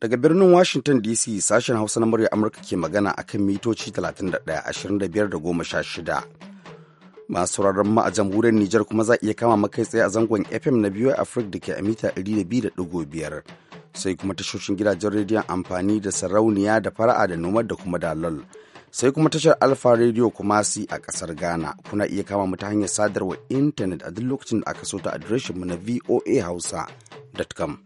Daga birnin Washington DC sashen Hausa na murya Amurka ke magana kan mitoci 31-25-16. Masu rarren ma a jamhuriyar Nijar kuma za iya kama makai tsaye a zangon FM na biyu Afirka da ke a mita biyar Sai kuma tashoshin gidajen rediyon amfani da sarauniya da fara'a da nomad da kuma dalol. Sai kuma tashar Alfa Radio Kumasi a kasar Ghana. Kuna iya kama mu ta hanyar sadarwa intanet a duk lokacin da aka so ta adireshinmu na voahausa.com.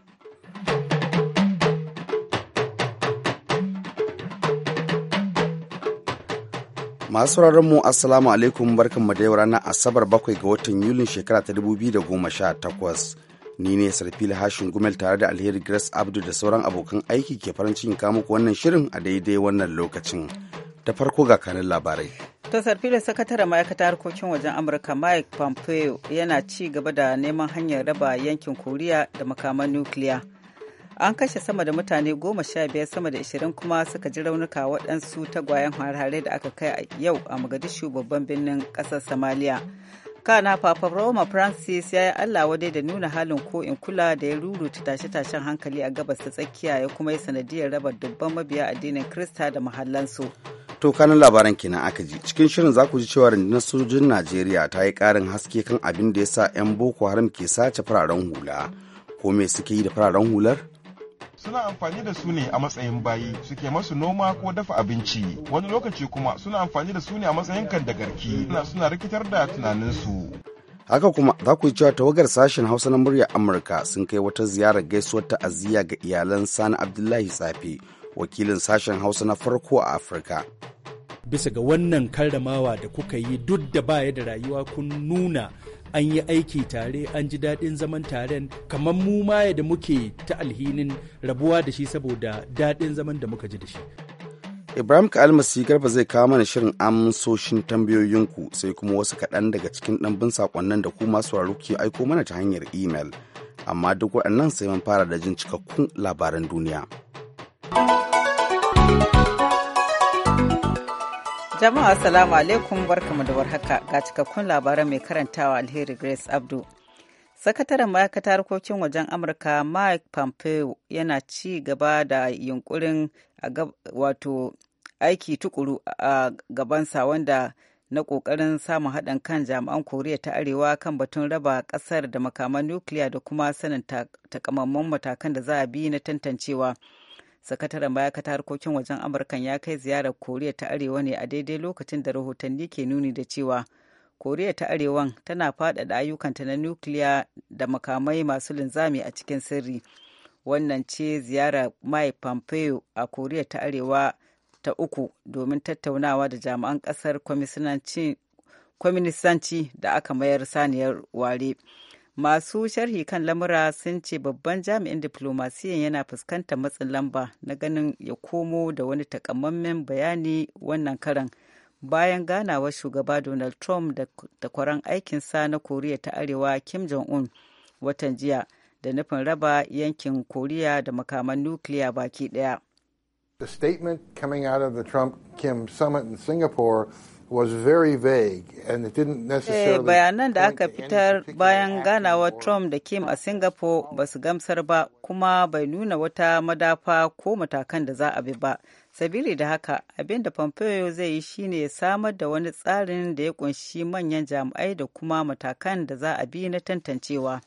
Masu mu Assalamu alaikum barkan mu da yau ranar Asabar bakwai ga watan Yulin shekara ta dubu biyu da goma sha takwas Ni ne sarfili Hashin Gumel tare da Alheri Grace Abdu da sauran abokan aiki ke farin cikin kawo muku wannan shirin a daidai wannan lokacin. Da farko ga kanin labarai. To sarfili sakataren ma'aikatar harkokin wajen Amurka Mike Pompeo yana ci gaba da neman hanyar raba yankin Koriya da makaman nukiliya. an kashe sama da mutane goma sha biyar sama da ashirin kuma suka ji raunuka waɗansu tagwayen harhare da aka kai yau a magadishu babban birnin ƙasar somalia kana papa roma francis ya yi allah wadai da nuna halin ko in kula da ya ruruta tashe-tashen hankali a gabas ta tsakiya ya kuma yi sanadiyar raba dubban mabiya addinin krista da mahallansu to kanin labaran kenan aka ji cikin shirin za ku ji cewa rundunar sojojin najeriya ta yi karin haske kan abin da ya sa 'yan boko haram ke sace fararen hula ko me suke yi da fararen hular suna amfani da su ne a matsayin bayi suke masu noma ko dafa abinci wani lokaci kuma suna amfani da su ne a matsayin kandagarki suna suna rikitar da tunaninsu haka kuma za ku yi cewa tawagar sashen hausa na muryar amurka sun kai wata ziyarar gaisuwar ta'aziyya ga iyalan sani abdullahi tsafe wakilin sashen hausa na farko a afirka bisa ga wannan karramawa da kuka yi duk da baya da rayuwa kun nuna an yi aiki tare an ji daɗin zaman taren kamar mu ma da muke ta alhinin rabuwa da shi saboda daɗin zaman da muka ji da shi Ibrahim Kalmasi Garba zai kawo mana shirin amsoshin tambayoyinku sai kuma wasu kaɗan daga cikin ɗanbin saƙonnan da ku masu ke aiko mana ta hanyar imel. Amma duk waɗannan sai mun fara da jin cikakkun labaran duniya. Jama'a salamu alaikum barkamu da warhaka ga cikakkun labaran mai karantawa alheri Grace Abdu. Sakataren ma'aikatar harkokin wajen Amurka Mike Pompeo yana ci gaba da yunkurin wato aiki tukuru a gabansa wanda na ƙoƙarin samun haɗin kan jami'an Koriya ta Arewa kan batun raba ƙasar da makaman nukiliya da kuma sanin takamaiman matakan da za a bi na tantancewa. sakataren ma'aikata harkokin wajen amurkan ya kai ziyarar koriya ta arewa ne a daidai lokacin da rahotanni ke nuni da cewa koriya ta arewan tana faɗaɗa ayyukanta na nukiliya da makamai masu linzami a cikin sirri wannan ce ziyarar mai pompeo a koriya ta arewa ta uku domin tattaunawa da jami'an kasar kwaminisanci da aka mayar saniyar ware masu sharhi kan lamura sun ce babban jami'in diplomasiyan yana fuskantar matsin lamba na ganin ya komo da wani takamammen bayani wannan karan bayan ganawar shugaba donald trump da kwaran aikinsa na koriya ta arewa kim jong-un watan jiya da nufin raba yankin koriya da makaman nukiliya baki daya the statement coming out of the trump kim summit in singapore Eh, bayanan da aka fitar bayan ganawa Trump da Kim a Singapore ba su gamsar ba kuma bai nuna wata madafa ko matakan da za a bi ba. Sabili da haka abin da Pompeo zai yi shine ya samar da wani tsarin da ya kunshi manyan jami'ai da kuma matakan da za a bi na tantancewa.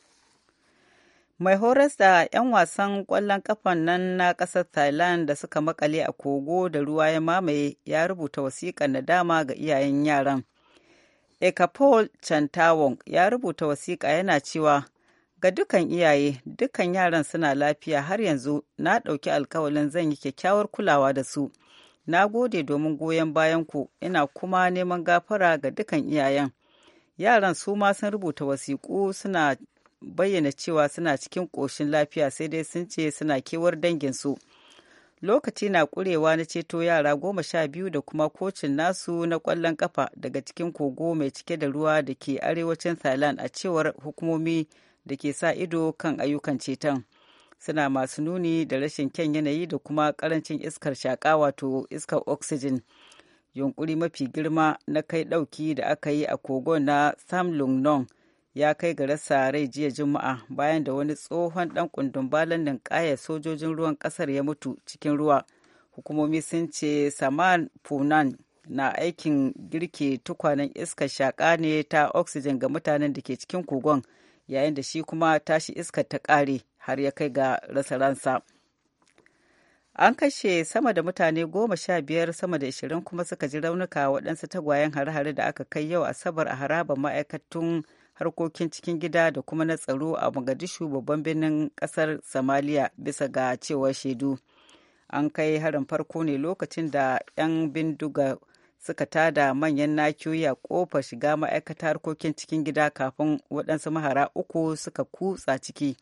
mai horas 'yan wasan ƙwallon kafan nan na ƙasar thailand da suka makale a kogo da ruwa ya mamaye ya rubuta wasiƙar dama ga iyayen yaran ekapol chantawong ya rubuta wasiƙa yana cewa ga dukan iyaye dukan yaran suna lafiya har yanzu na ɗauki alkawalin zan yi kyakkyawar kulawa da su na gode domin goyon bayan ku ina kuma neman gafara ga dukan iyayen yaran su ma sun rubuta wasiƙu suna bayyana cewa suna cikin ƙoshin lafiya sai dai sun ce suna kewar dangin su lokaci na ƙurewa na ceto yara goma sha biyu da kuma kocin nasu na ƙwallon ƙafa daga cikin kogo mai cike da ruwa da ke arewacin thailand a cewar hukumomi da ke sa ido kan ayyukan ceton suna masu nuni da rashin kyan yanayi da kuma ƙarancin iskar shaƙa wato iskar oxygen yunkuri mafi girma na kai ɗauki da aka yi a kogon na samlung nong ya kai ga rasa rai jiya juma'a bayan da wani tsohon dan kundin balan kaya sojojin ruwan kasar ya mutu cikin ruwa hukumomi sun ce saman funan na aikin girke tukwanen iskar shaka ne ta oxygen ga mutanen da ke cikin kogon yayin da shi kuma tashi iskar ta ƙare har ya kai ga rasa ransa an kashe sama da mutane goma sha biyar sama da ashirin kuma suka ji raunuka waɗansu tagwayen hare-hare da aka kai yau asabar a harabar ma'aikatun harkokin cikin gida da kuma na tsaro a Mogadishu babban birnin kasar Somalia bisa ga cewa shaidu. An kai harin farko ne lokacin da 'yan bindiga suka tada manyan nakiyoyi a kofar shiga ma'aikata harkokin cikin gida kafin waɗansu mahara uku suka kutsa ciki.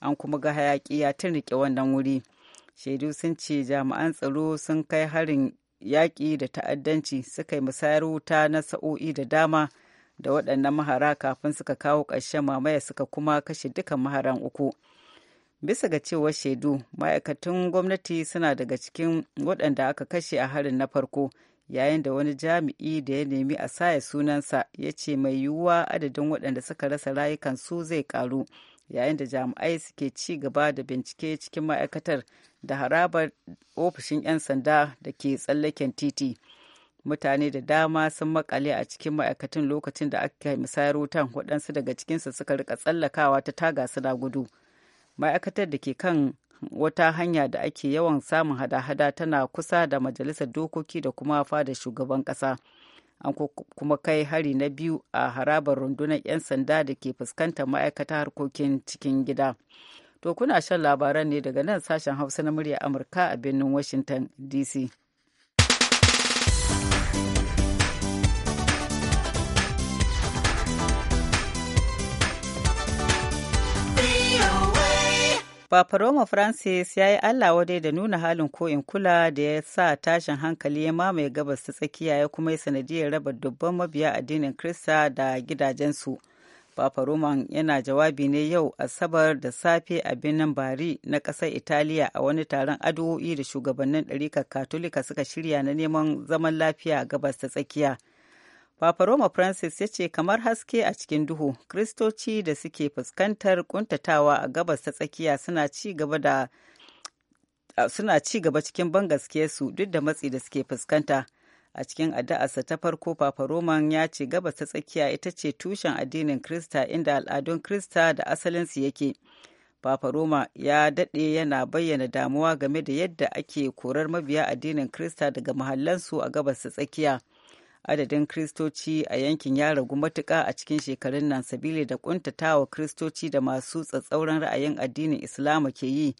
An kuma ga hayaƙi ya tunrike wannan wuri. Shaidu sun ce jami'an tsaro sun kai harin yaƙi da ta'addanci suka yi musayar wuta na sa'o'i da dama da waɗannan mahara kafin suka kawo ƙarshen mamaya suka kuma kashe dukan maharan uku bisa ga cewa shaidu ma'aikatan gwamnati suna daga cikin waɗanda aka kashe a harin na farko yayin da wani jami'i da ya nemi a saya sunansa ya ce mai yiwuwa adadin waɗanda suka rasa rayukansu zai ƙaru yayin da jami'ai suke ci gaba da bincike cikin ma'aikatar da harabar ofishin 'yan sanda da ke tsallaken titi mutane da dama sun makale a cikin ma'aikatan lokacin da aka misayar wutan waɗansu daga cikinsu suka rika tsallakawa ta taga suna gudu ma'aikatar da ke kan wata hanya da ake yawan samun hada-hada tana kusa da majalisar dokoki da kuma fada shugaban ƙasa an kuma kai hari na biyu a harabar rundunar 'yan sanda da ke fuskantar ma'aikata harkokin cikin gida to kuna shan labaran ne daga nan sashen hausa na murya amurka a birnin washington dc Papa Roma Francis ya yi Allah wadai da nuna halin ko in kula da ya sa tashin hankali ya mamaye gabas ta tsakiya ya kuma yi sanadiyar raba dubban mabiya addinin Krista da gidajensu. Papa Roman yana jawabi ne yau Asabar da safe a birnin Bari na ƙasar Italiya a wani taron addu'o'i da shugabannin ɗarikar Katolika suka shirya na neman zaman lafiya gabas ta tsakiya. Papa Roma Francis ya ce kamar haske a cikin duhu, Kristoci da suke fuskantar kuntatawa a gabas ta tsakiya suna ci gaba da suna ci gaba cikin su duk da matsi da suke fuskanta. A cikin addu'arsa ta farko Papa Roman ya ce gabas ta tsakiya ita ce tushen addinin Krista inda al'adun Krista da asalinsu yake. Papa Roma ya daɗe yana bayyana damuwa game da yadda ake korar mabiya addinin Krista daga mahallansu a gabas ta tsakiya. adadin kristoci a yankin ya ragu matuƙa a cikin shekarun nan sabili da ƙuntatawa kristoci da masu tsatsauran ra'ayin addinin islamu ke yi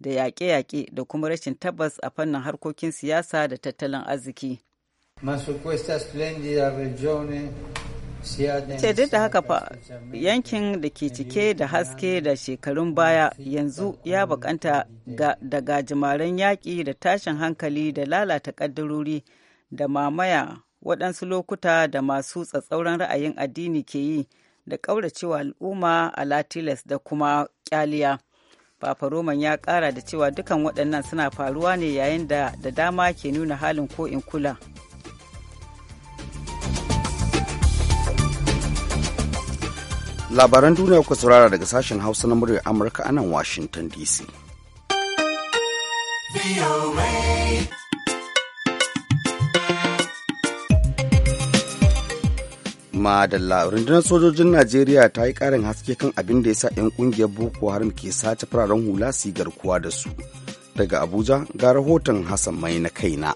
da yaƙe-yaƙe da kuma rashin tabbas a fannin harkokin siyasa da tattalin arziki. ce duk da haka fa yankin da ke cike da haske da shekarun baya yanzu ya bakanta da gajimaren yaƙi da tashin hankali da lalata ƙaddarori da mamaya waɗansu lokuta da masu tsatsauran ra'ayin addini ke yi da ƙauracewa al'umma a latilas da kuma ƙyaliya. Papa Roman ya ƙara da cewa dukan waɗannan suna faruwa ne yayin da da dama ke nuna halin ko in kula. Labaran duniya kuka saurara daga sashen Hausa na muryar Amurka a nan Washington DC. madalla rundunar sojojin najeriya ta yi karin haske kan abin da ya sa 'yan ƙungiyar boko haram ke sace fararen hula su garkuwa da su daga abuja ga rahoton hassan mai na kaina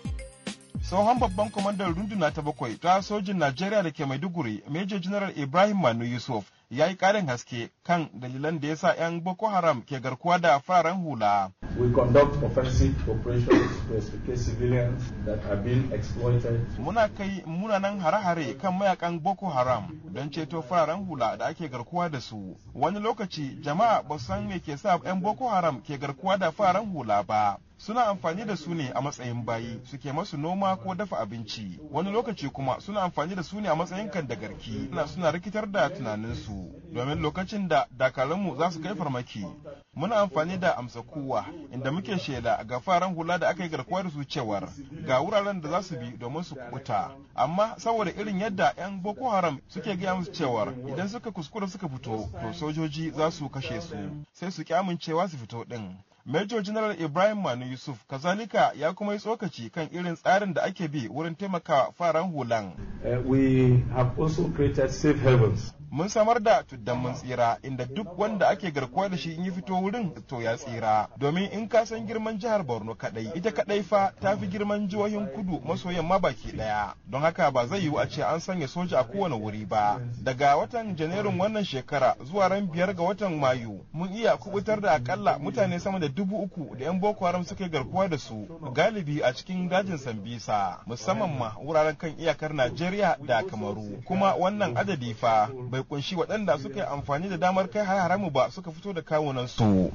tsohon babban kwamandan runduna ta bakwai ta sojin najeriya da ke maiduguri major general ibrahim manu yusuf ya yi ƙarin haske kan dalilan da ya sa 'yan Boko Haram ke garkuwa da fararen hula. We conduct offensive operations to explicate civilians that are being exploited. Muna kai munanan hare-hare kan mayakan Boko Haram don ceto fararen hula da ake garkuwa da su. Wani lokaci jama'a ba san me ke sa 'yan Boko Haram ke garkuwa da fararen hula ba. suna amfani da su ne a matsayin bayi suke masu noma ko dafa abinci wani lokaci kuma suna amfani da su ne a matsayin kandagarki suna suna rikitar da tunaninsu domin lokacin da dakaranmu za su kai farmaki muna amfani da amsa kowa inda muke shela ga faran hula da aka yi garkuwa da su cewar ga wuraren da za su bi domin su kuta amma saboda irin yadda 'yan boko haram suke gaya musu cewar idan suka kuskura suka fito to sojoji za su kashe su sai su kyamun cewa su fito din Major General Ibrahim Manu Yusuf kazalika ya kuma yi tsokaci kan irin tsarin da ake bi wurin taimaka faran hulan. Uh, we have also created safe havens mun samar da tuddan mun tsira inda duk wanda ake garkuwa da shi in yi fito wurin to ya tsira domin in ka san girman jihar borno kadai ita kadai fa ta fi girman jihohin kudu maso yamma baki daya don haka ba zai yiwu a ce an sanya soja a kowane wuri ba daga watan janairun wannan shekara zuwa ran biyar ga watan mayu mun iya kubutar da akalla mutane sama da dubu uku da yan boko haram suka garkuwa da su galibi a cikin dajin sambisa musamman ma wuraren kan iyakar najeriya da kamaru kuma wannan adadi fa bai bai kunshi waɗanda suka yi amfani da damar kai haramu ba suka fito da kawunan su.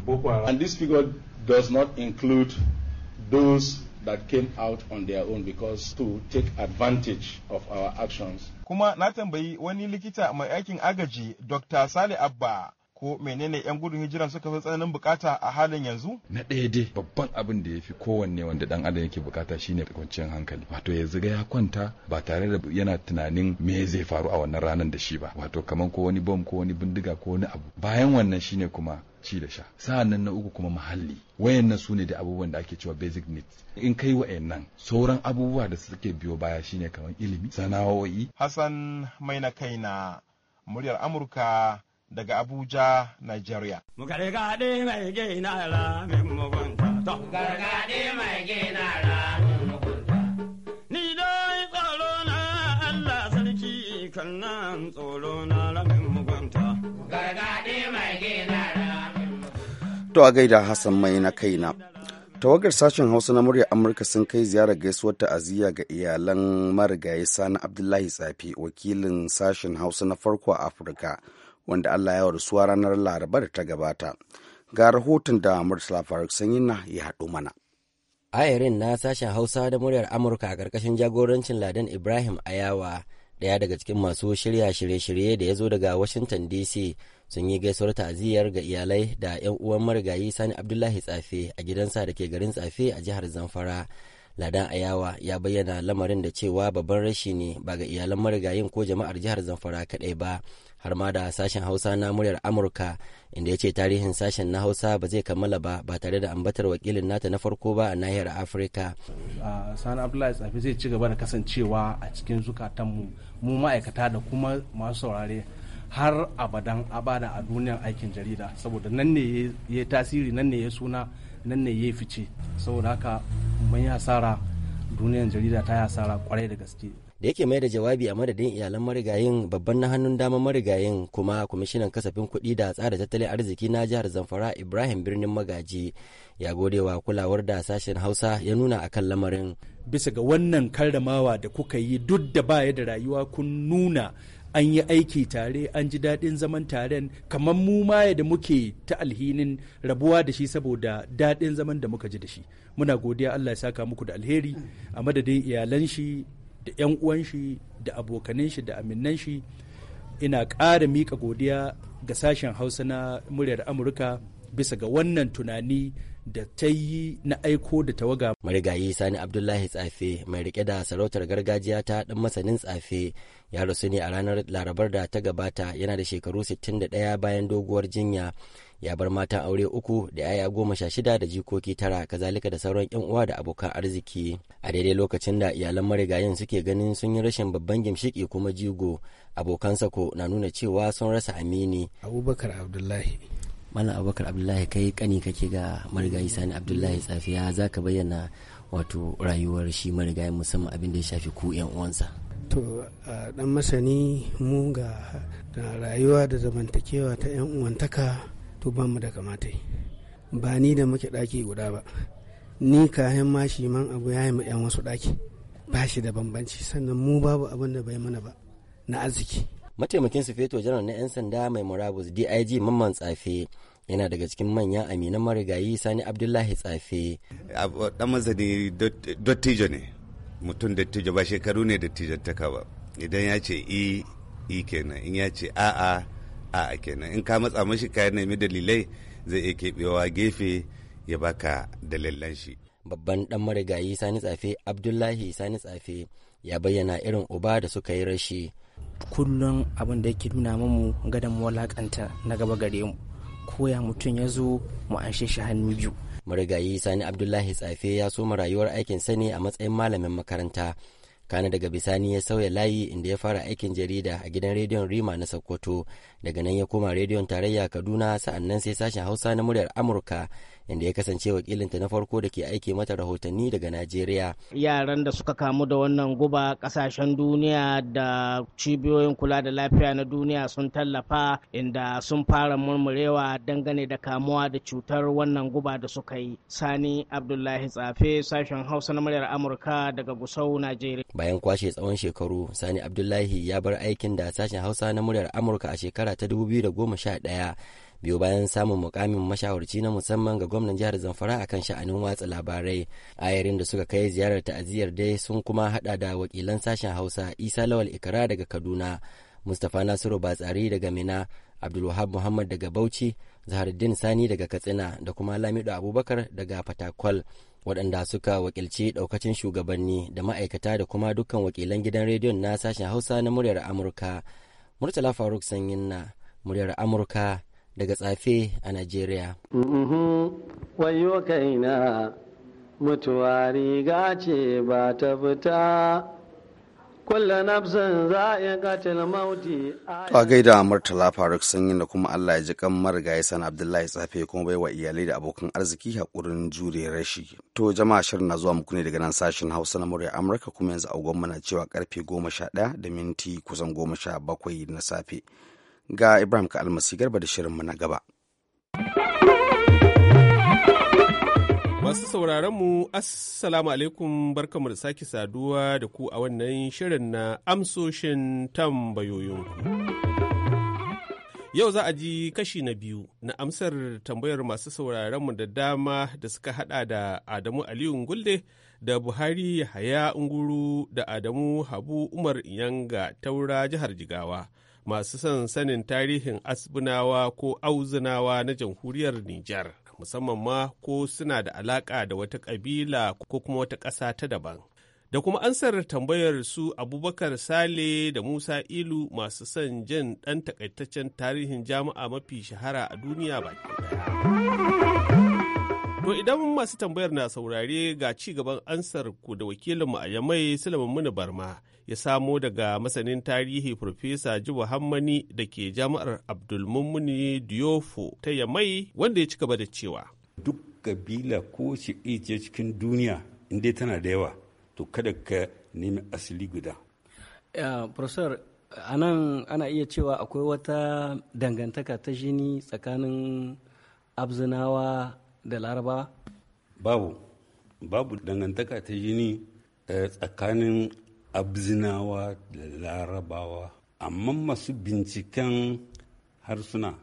And this figure does not include those that came out on their own because to take advantage of our actions. Kuma na tambayi wani likita mai aikin agaji Dr. Sale Abba ko menene 'yan gudun hijira suka fi tsananin bukata a halin yanzu? Na ɗaya dai babban abin da ya fi kowanne wanda dan adam yake bukata shine kwanciyar hankali. Wato ya ziga ya kwanta ba tare da yana tunanin me zai faru a wannan ranar da shi ba. Wato kamar ko wani bom ko wani bindiga ko wani abu. Bayan wannan shine kuma ci da sha sa'an nan na uku kuma muhalli wayannan su ne da abubuwan da ake cewa basic needs in kai wayannan sauran abubuwa da suke biyo baya shine kamar ilimi sana'o'i hassan mai na kaina muryar amurka daga Abuja, Nigeria. tsoro na mugunta. To a gaida Hassan mai na kaina. Tawagar sashen Hausa na murya Amurka sun kai ziyarar gaisuwar ta'aziyya ga iyalan marigayi Sani Abdullahi Tsafi, wakilin sashen Hausa na farko a Afirka, wanda Allah ya warsuwa ranar Laraba da ta gabata. Ga rahoton da Murtala Faruk Sanyina ya haɗu mana. Ayarin na sashen Hausa da muryar Amurka a ƙarƙashin jagorancin Ladan Ibrahim Ayawa daya daga cikin masu shirya shirye-shirye da ya zo daga Washington DC sun yi gaisuwar ta'aziyyar ga iyalai da 'yan uwan marigayi Sani Abdullahi Tsafe a gidansa da ke garin Tsafe a jihar Zamfara. Ladan Ayawa ya bayyana lamarin da cewa babban rashi ne ba ga iyalan marigayin ko jama'ar jihar Zamfara kaɗai ba har ma da sashen hausa na muryar amurka inda ya ce tarihin sashen na hausa ba zai kammala ba ba tare da ambatar wakilin nata na farko ba a nahiyar afirka sani abdullahi tsafi zai ci gaba da kasancewa a cikin zukatanmu mu ma'aikata da kuma masu saurare har abadan abada a duniyar aikin jarida saboda nan ne ya tasiri nan ne ya suna nan ne ya fice saboda haka mun yi hasara duniyar jarida ta yi hasara kwarai da gaske da yake mai da jawabi a madadin iyalan marigayin babban na hannun daman marigayin kuma kwamishinan kasafin kuɗi da tsara tattalin arziki na jihar zamfara ibrahim birnin magaji ya gode wa kulawar da sashen hausa ya nuna a kan lamarin bisa ga wannan karramawa da kuka yi duk da baya da rayuwa kun nuna an yi aiki tare an ji daɗin zaman taren kamar mu ma da muke ta alhinin rabuwa da shi saboda daɗin zaman da muka ji da shi muna godiya allah ya saka muku da alheri a madadin iyalan shi da 'yan uwan shi da abokanin shi da aminnan shi ina ƙara mika godiya ga sashen hausa na muryar amurka bisa ga wannan tunani da ta yi na aiko da tawaga. Marigayi Sani Abdullahi Tsafe mai rike da sarautar gargajiya ta dan masanin tsafe ya rasu ne a ranar larabar da ta gabata yana da shekaru 61 bayan doguwar jinya. ya bar matan aure uku da yaya goma sha shida da jikoki tara kazalika da sauran yan uwa da abokan arziki a daidai lokacin da iyalan marigayin suke ganin sun yi rashin babban gimshiki kuma jigo abokan sako na nuna cewa sun rasa amini abubakar abdullahi mana abubakar abdullahi kai kani kake ga marigayi sani abdullahi tsafiya za ka bayyana wato rayuwar shi marigayi musamman abin da ya shafi ku yan uwansa to dan masani mu ga rayuwa da zamantakewa ta yan uwantaka to ba mu da kamata ba ni da muke ɗaki guda ba ni kayan ma shi man abu ya yi ma 'yan wasu ɗaki ba shi da bambanci sannan mu babu abin da bai mana ba na arziki mataimakin sufeto janar na 'yan sanda mai murabus dig mamman tsafe yana daga cikin manyan aminan marigayi sani abdullahi tsafe dan mazadi dottijo ne mutum dattijo ba shekaru ne dottijo ta ba idan ya ce i i kenan in ya ce a'a a kenan in ka matsa mashi ka nemi dalilai zai iya keɓewa gefe ya baka dalilan shi babban dan marigayi sani tsafe abdullahi sani tsafe ya bayyana irin uba da suka yi rashi kullum abin da yake nuna mamu gadan mu walakanta na gaba gare mu koya mutum ya zo mu anshe shi hannu biyu marigayi sani abdullahi tsafe ya soma rayuwar aikin sani a matsayin malamin makaranta kana daga bisani ya sauya layi inda ya fara aikin jarida a gidan rediyon rima na sokoto daga nan ya koma rediyon tarayya kaduna sa'annan sai sashen hausa na muryar amurka inda ya kasance wakilinta na farko da ke aiki mata rahotanni daga najeriya yaran da suka kamu da wannan guba kasashen duniya da cibiyoyin kula da lafiya na duniya sun tallafa inda sun fara murmurewa dangane da kamuwa da cutar wannan guba da suka yi sani abdullahi tsafe sashen hausa na muryar amurka daga gusau najeriya bayan kwashe tsawon shekaru sani abdullahi ya bar aikin da sashen hausa na muryar amurka a shekara ta 2011 biyu bayan samun mukamin mashawarci na musamman ga gwamnan jihar zamfara akan sha'anin watsa labarai ayarin da suka kai ziyarar ta'aziyar dai sun kuma hada da wakilan sashen hausa isa lawal ikara daga kaduna mustapha nasiru batsari daga mina abdulwahab muhammad daga bauchi zahardin sani daga katsina da kuma lamido abubakar daga fatakwal waɗanda suka wakilci ɗaukacin shugabanni da ma'aikata da kuma dukkan wakilan gidan rediyon na sashen hausa na muryar amurka murtala faruk sanyin na muryar amurka daga tsafe a Najeriya. Mm-hmm. Wayo kaina mutuwa riga ce ba ta fita kulla nafsin za a katil mauti a gaida murtala faruk sanyin da kuma allah ya ji kan marigayi san abdullahi tsafe kuma bai wa iyalai da abokan arziki haƙurin jure rashi to jama'a shirin na zuwa muku ne daga nan sashen hausa na murya amurka kuma yanzu a mana cewa karfe goma sha ɗaya da minti kusan goma sha bakwai na safe ga Ibrahim ka almasi garba da shirinmu na gaba. Masu sauraronmu, Assalamu alaikum barkamu da sake saduwa da ku a wannan shirin na amsoshin tambayoyinku. Yau za a ji kashi na biyu na amsar tambayar masu sauraronmu da dama da suka hada da Adamu Aliyu Ngulde da Buhari Yahaya Nguru da Adamu Habu Umar Yanga taura jihar Jigawa. masu son sanin tarihin asbinawa ko Auzinawa na jamhuriyar Nijar, musamman ma ko suna da alaƙa da wata ƙabila ko kuma wata ƙasa ta daban. Da kuma ansar tambayar su Abubakar Sale da Musa Ilu masu son jin ɗan takaitaccen tarihin jama'a mafi shahara a duniya ba. To idan masu tambayar na saurare ga ci gaban ansar ku da wakilinmu a Yamai Sulaiman Muni Barma ya samo daga masanin tarihi Profesa Jibo Hammani da ke jami'ar Abdulmummuni Diofo ta Yamai wanda ya ci gaba da cewa. Duk kabila ko ce cikin duniya inda tana da yawa to kada ka nemi asali guda. Profesor, anan ana iya cewa akwai wata dangantaka ta jini tsakanin abzinawa da laraba? Babu, babu dangantaka ta jini eh, tsakanin abzinawa da larabawa amma masu binciken harsuna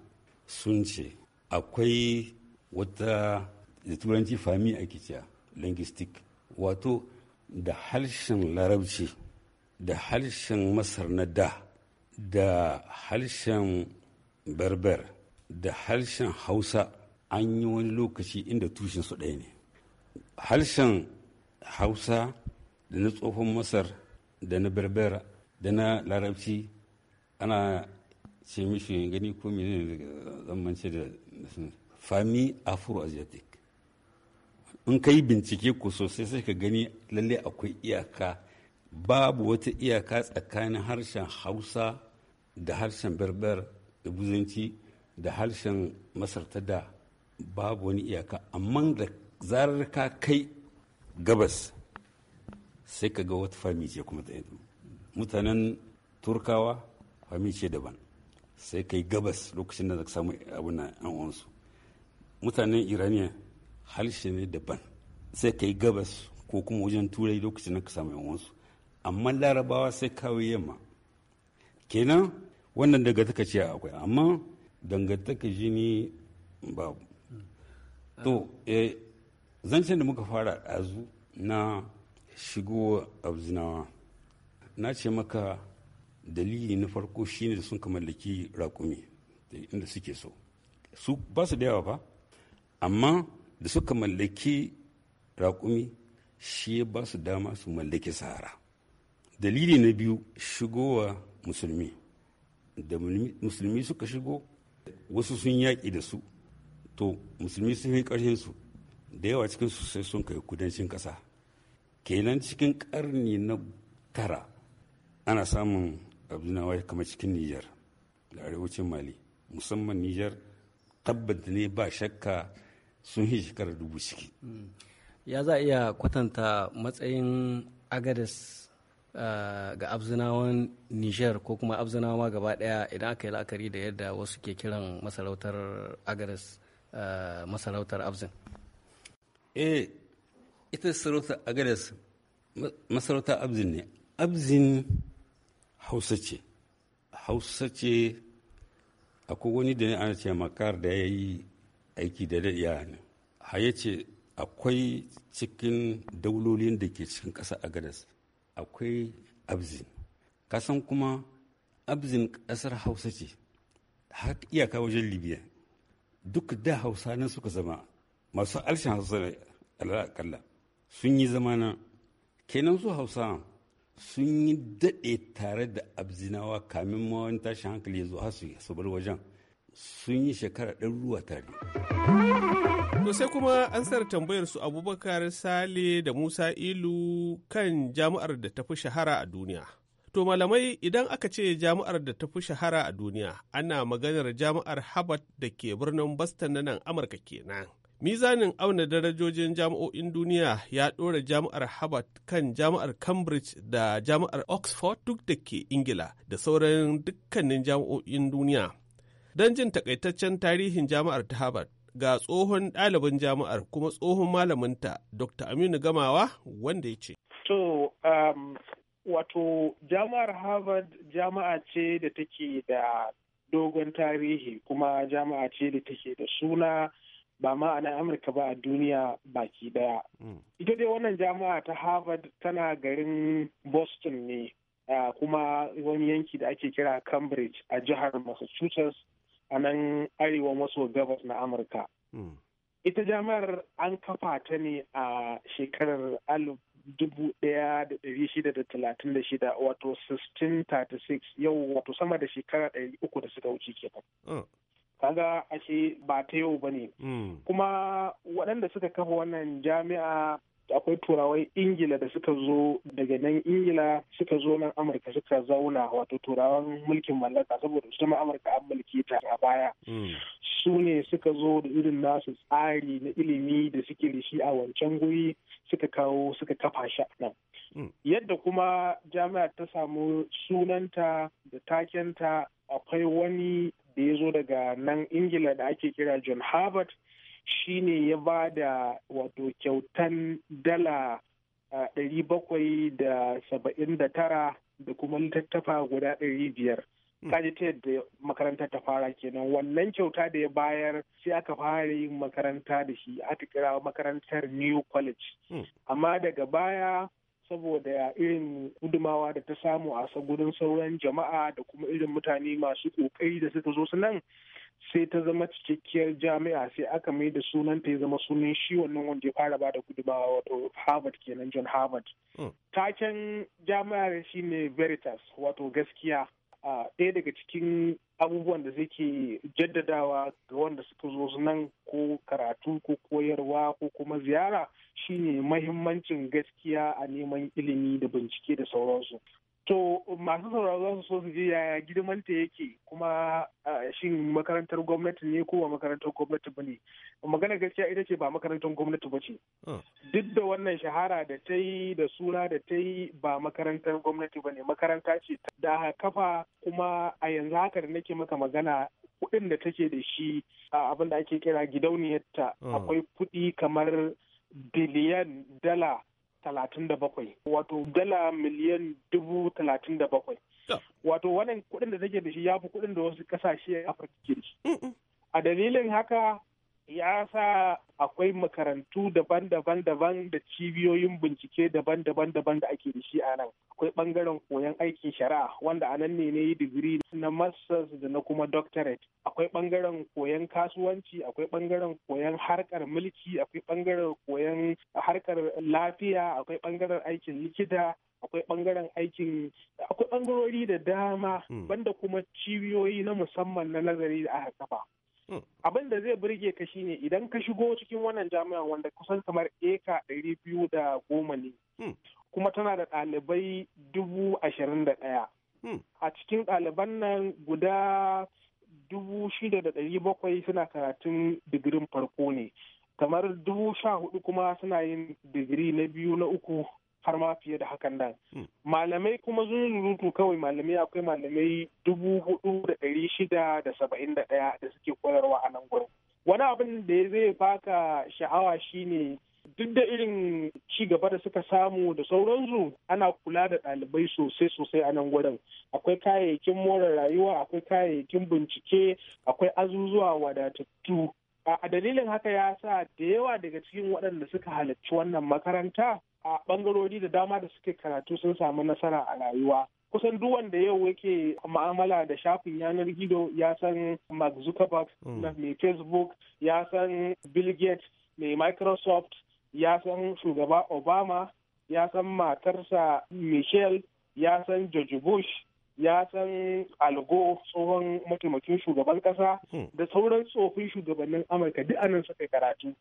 sun ce akwai wata da turanci fami a cewa linguistic wato da harshen larabci da harshen masar na da da harshen berber da harshen hausa an yi wani lokaci inda tushen su ɗaya ne harshen hausa da na tsohon masar da na berbera da na larabci ana ce mishi gani ko mene ne zammance da fami afro asiatic in ka yi bincike ku sosai sai ka gani lalle akwai iyaka babu wata iyaka tsakanin harshen hausa da harshen berber da buzanci da harshen masar ta da babu wani iyaka amma da zarar ka kai gabas sai ka ga wata fami ce kuma ta mutanen turkawa fami ce daban sai kai gabas lokacin da za ka samu abin na yan uwansu mutanen iraniya halshe ne daban sai kai gabas ko kuma wajen turai lokacin da ka samu yan uwansu amma larabawa sai kawai yamma kenan wannan daga taka ce akwai amma dangantaka jini babu to eh, zancen da muka fara ɗazu na shigowa abzinawa na ce maka dalili na farko shine da sun ka mallaki raƙumi inda suke so su ba su da ba amma da suka mallaki raƙumi shi ba su dama su mallaki sahara dalili na biyu shigowa musulmi da musulmi suka shigo wasu sun yaƙi da su to musulmi sun yi ƙarshen su da yawa cikin su sun kai kudancin ƙasa kenan cikin karni na tara ana samun abinawa kama cikin nijar da arewacin mali musamman nijar tabbata ne ba shakka sun yi shekarar dubu ciki ya za iya kwatanta matsayin agadas ah, ga abzinawan nijar ko kuma abzinawa gaba daya idan aka yi la'akari da yadda wasu ke kiran masarautar agadas ah, masarautar abzin eh ita sarauta agadas masarauta abzin ne abzin hausa ce hausa ce akwai wani da ana ce makar da ya yi aiki da daɗiya ne haya ce akwai cikin daulolin da ke cikin a gadas akwai abzin kasan kuma abzin ƙasar hausa ce har iyaka wajen libya duk da hausa nan suka zama masu alshin hausa ne alaƙalla sun yi zamana kenan su hausa sun yi daɗe tare da abzinawa kamin ma wani tashin hankali ya zo har su bar wajen sun yi shekara ɗan ruwa tare. To sai kuma an tsara tambayar su Abubakar Sale da Musa Ilu kan jami'ar da ta fi shahara a duniya. To malamai idan aka ce jami'ar da ta fi shahara a duniya ana maganar jami'ar habat da ke birnin Boston na nan Amurka kenan. Mizanin auna darajojin jami'o'in duniya ya ɗora jami'ar Harvard kan jami'ar Cambridge da jami'ar Oxford duk da ke Ingila da sauran dukkanin jami'o'in duniya. Don jin takaitaccen tarihin jami'ar ta Harvard ga tsohon ɗaliban jami'ar kuma tsohon malaminta Dr. Aminu Gamawa wanda ya ce. To, um, wato jami'ar Harvard jami'a ce da take da dogon tarihi kuma jami'a ce da take da suna. ba ma a nan amurka ba a duniya baki daya hmm. ita dai wannan jami'a ta harvard tana garin boston ne kuma wani yanki da ake kira cambridge a jihar massachusetts a nan arewa maso gabas na amurka hmm. ita jami'ar an kafa ta ne a shekarar 1636 wato 1636 yau wato sama da shekara 300 da suka wuce kenan oh. kaga ashe ba ta yau ba ne hmm. kuma waɗanda suka kafa wannan jami'a akwai turawai ingila da suka zo daga nan ingila suka zo nan amurka suka zauna wato turawan mulkin mallaka saboda su ma amurka an mulki ta a baya hmm. su ne suka zo da irin nasu tsari na ilimi da suke da a wancan guri suka kawo suka kafa shi nan hmm. yadda kuma jami'a ta samu sunanta da takenta akwai wani da ya zo daga nan ingila da ake kira john harvard shi ne ya ba da wato kyautan dala ɗari bakwai da saba'in da tara da kuma littattafa guda ɗari biyar hmm. kaji ta yadda makarantar ta fara kenan wannan kyauta da ya bayar sai aka fara yin makaranta da shi aka kira makarantar new college hmm. amma daga baya saboda irin gudumawa da ta samu a sagudin sauran jama'a da kuma irin mutane masu kokari da suka zo su nan sai ta zama cikakkiyar jami'a sai aka mai da sunan ta ya zama sunan shi wannan wanda ya fara bada gudumawa wato harvard kenan john harvard hmm. taken jami'ar ne veritas wato gaskiya a ɗaya daga cikin abubuwan da zai jaddadawa ga wanda suka zo nan ko karatu ko koyarwa ko kuma ziyara shine mahimmancin gaskiya a neman ilimi da bincike da sauransu To masu sauraro za su so su ji yaya gidan Malta yake kuma shin makarantar gwamnati ne ko makarantar gwamnati ba ne. Magana gaskiya ita ce ba makarantar gwamnati ba ce. Oh. Duk da wannan shahara da ta yi da suna da ta yi ba makarantar gwamnati ba ne makaranta ce da kafa kuma a yanzu haka da nake maka magana kuɗin da take da shi abin da ake kira gidauniyarta oh. akwai kuɗi kamar biliyan dala talatin da bakwai wato dala miliyan dubu talatin da bakwai. Wato wannan kuɗin da take da shi ya fi kuɗin da wasu ƙasashe Afirka ke da shi. A dalilin haka ya sa akwai makarantu daban-daban daban da cibiyoyin bincike daban-daban daban da ake da shi a nan akwai bangaren koyon aikin shari'a wanda a nan ne na yi digiri na masters da na kuma doctorate akwai bangaren koyon kasuwanci akwai bangaren koyon harkar mulki akwai bangaren koyon harkar lafiya akwai bangaren aikin likita akwai bangaren aikin akwai bangarori da dama hmm. banda kuma cibiyoyi na musamman na nazari da aka kafa abin da zai burge ka shine idan ka shigo cikin wannan jami'an wanda kusan kamar eka ɗari biyu da goma ne hmm. kuma tana da ɗalibai dubu ashirin da ɗaya hmm. a cikin ɗaliban nan guda dubu shida da ɗari bakwai suna karatun digirin farko ne kamar dubu sha hudu kuma suna yin digiri na biyu na uku har ma fiye da hakan nan. Hmm. Malamai kuma zuzurutu kawai malamai akwai malamai dubu hudu da ɗari shida da saba'in da ɗaya da suke koyarwa a nan gurin. Wani abin da zai baka sha'awa shine duk da irin ci gaba da suka samu da sauransu ana kula da ɗalibai sosai sosai a nan gurin akwai kayayyakin more rayuwa akwai kayayyakin bincike akwai azuzuwa wadatattu a dalilin haka ya sa da yawa daga cikin waɗanda suka halarci wannan makaranta a bangarori da dama da suke karatu sun samu nasara a rayuwa kusan duk wanda yau yake ma'amala da shafin yanar gido ya san mark zuckerberg hmm. mai facebook ya san bill gates mai microsoft ya san shugaba obama ya san matarsa michelle ya san george bush ya san algo tsohon mataimakin shugaban kasa hmm. da sauran tsofin shugabannin amurka duk anan suka karatu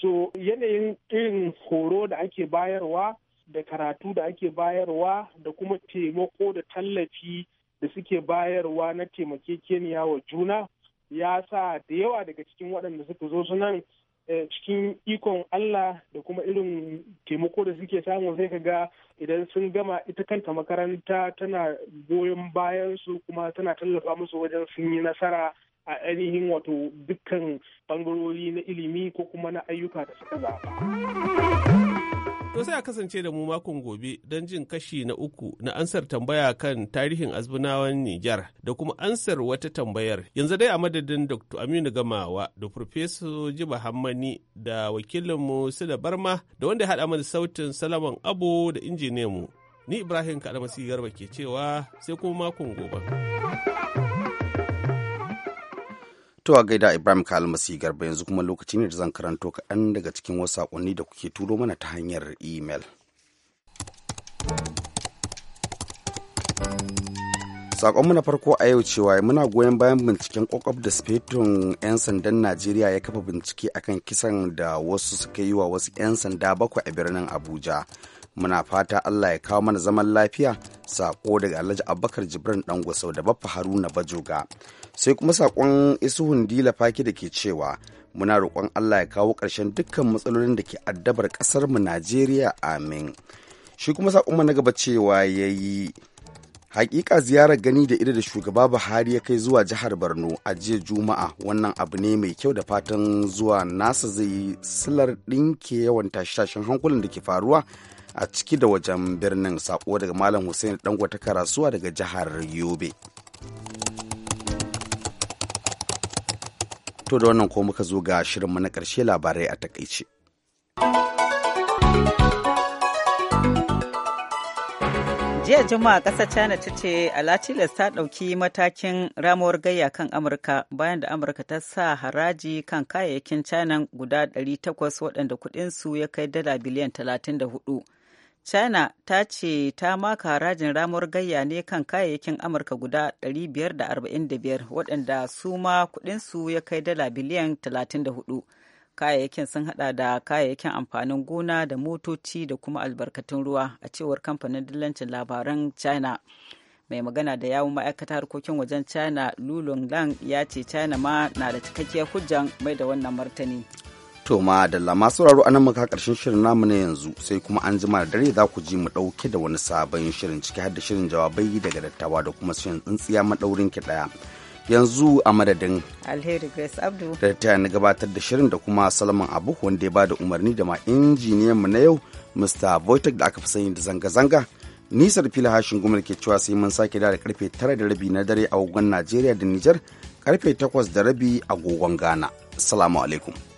so yanayin irin horo da ake bayarwa da karatu da ake bayarwa da kuma taimako da tallafi da suke bayarwa na taimakekeniya wa juna ya sa da yawa daga cikin waɗanda suka zo sunan eh, cikin ikon Allah da kuma irin taimako da suke samu sai ka ga idan sun gama ita kanta makaranta tana goyon bayan su kuma tana tallafa musu wajen sun yi nasara a ainihin wato dukkan bangarori na ilimi ko kuma na ayyuka da suka zaɓa. To sai a kasance da mu makon gobe don jin kashi na uku na ansar tambaya kan tarihin azbunawan Nijar da kuma ansar wata tambayar. Yanzu dai a madadin Dr. Aminu Gamawa da Profeso Jiba Hammani da wakilinmu Sida Barma da wanda haɗa mana sautin Salaman abu da injiniyanmu. Ni Ibrahim Kaɗa Garba ke cewa sai kuma makon gobe. To a gaida Ibrahim almasi Garba yanzu kuma lokaci ne da zan karanto kaɗan daga cikin wasu saƙonni da kuke turo mana ta hanyar imel. mu na farko a yau cewa muna goyon bayan binciken kwakwab da sifetun 'yan sandan Najeriya ya kafa bincike akan kisan da wasu suka yi wa wasu 'yan sanda bakwai a birnin Abuja. muna fata Allah ya kawo mana zaman lafiya sako daga Alhaji Abubakar Jibran dan Gusau da Baffa Haruna Bajoga sai kuma saƙon Isuhun Dila Faki da ke cewa muna roƙon Allah ya kawo ƙarshen dukkan matsalolin da ke addabar ƙasar mu Najeriya amin shi kuma sakon na gaba cewa yayi hakika ziyarar gani da ido da shugaba buhari ya kai zuwa jihar borno a jiya juma'a wannan abu ne mai kyau da fatan zuwa nasa zai silar ɗinke yawan tashe-tashen hankulan da ke faruwa a ciki da wajen birnin sako daga malam hussein dangwata karasuwa daga jihar yobe to da wannan ko muka zo ga shirinmu na ƙarshe labarai a takaice jiya juma'a ƙasar china ta ce alatilas ta ɗauki matakin ramuwar gayya kan amurka bayan da amurka ta sa haraji kan kayayyakin china guda 800 waɗanda kuɗinsu ya kai dala biliyan 34 China ta ce ta maka rajin ramuwar gayya ne kan kayayyakin Amurka guda 545 waɗanda su ma kuɗinsu ya kai dala biliyan 34. Kayayyakin sun hada da kayayyakin amfanin gona da motoci da kuma albarkatun ruwa a cewar kamfanin dillancin labaran China. Mai magana da yawun ma'aikata harkokin wajen China Lulong Lang ya ce China ma na da cikakkiyar hujjan mai da wannan martani. To ma da lama sauraro anan muka karshen shirin namu na yanzu sai kuma an jima da dare za ku ji mu ɗauke da wani sabon shirin ciki har da shirin jawabai daga dattawa da kuma shirin tsintsiya maɗaurin ki daya Yanzu a madadin Alheri Grace Abdu da ta na gabatar da shirin da kuma Salman Abu wanda ya bada umarni da ma injiniyan mu na yau Mr. Voitek da aka fi sani da zanga-zanga. Nisar fila hashin gumar ke cewa sai mun sake da karfe tara da rabi na dare a Najeriya da Nijar karfe takwas da rabi a gogon Ghana. Assalamu alaikum.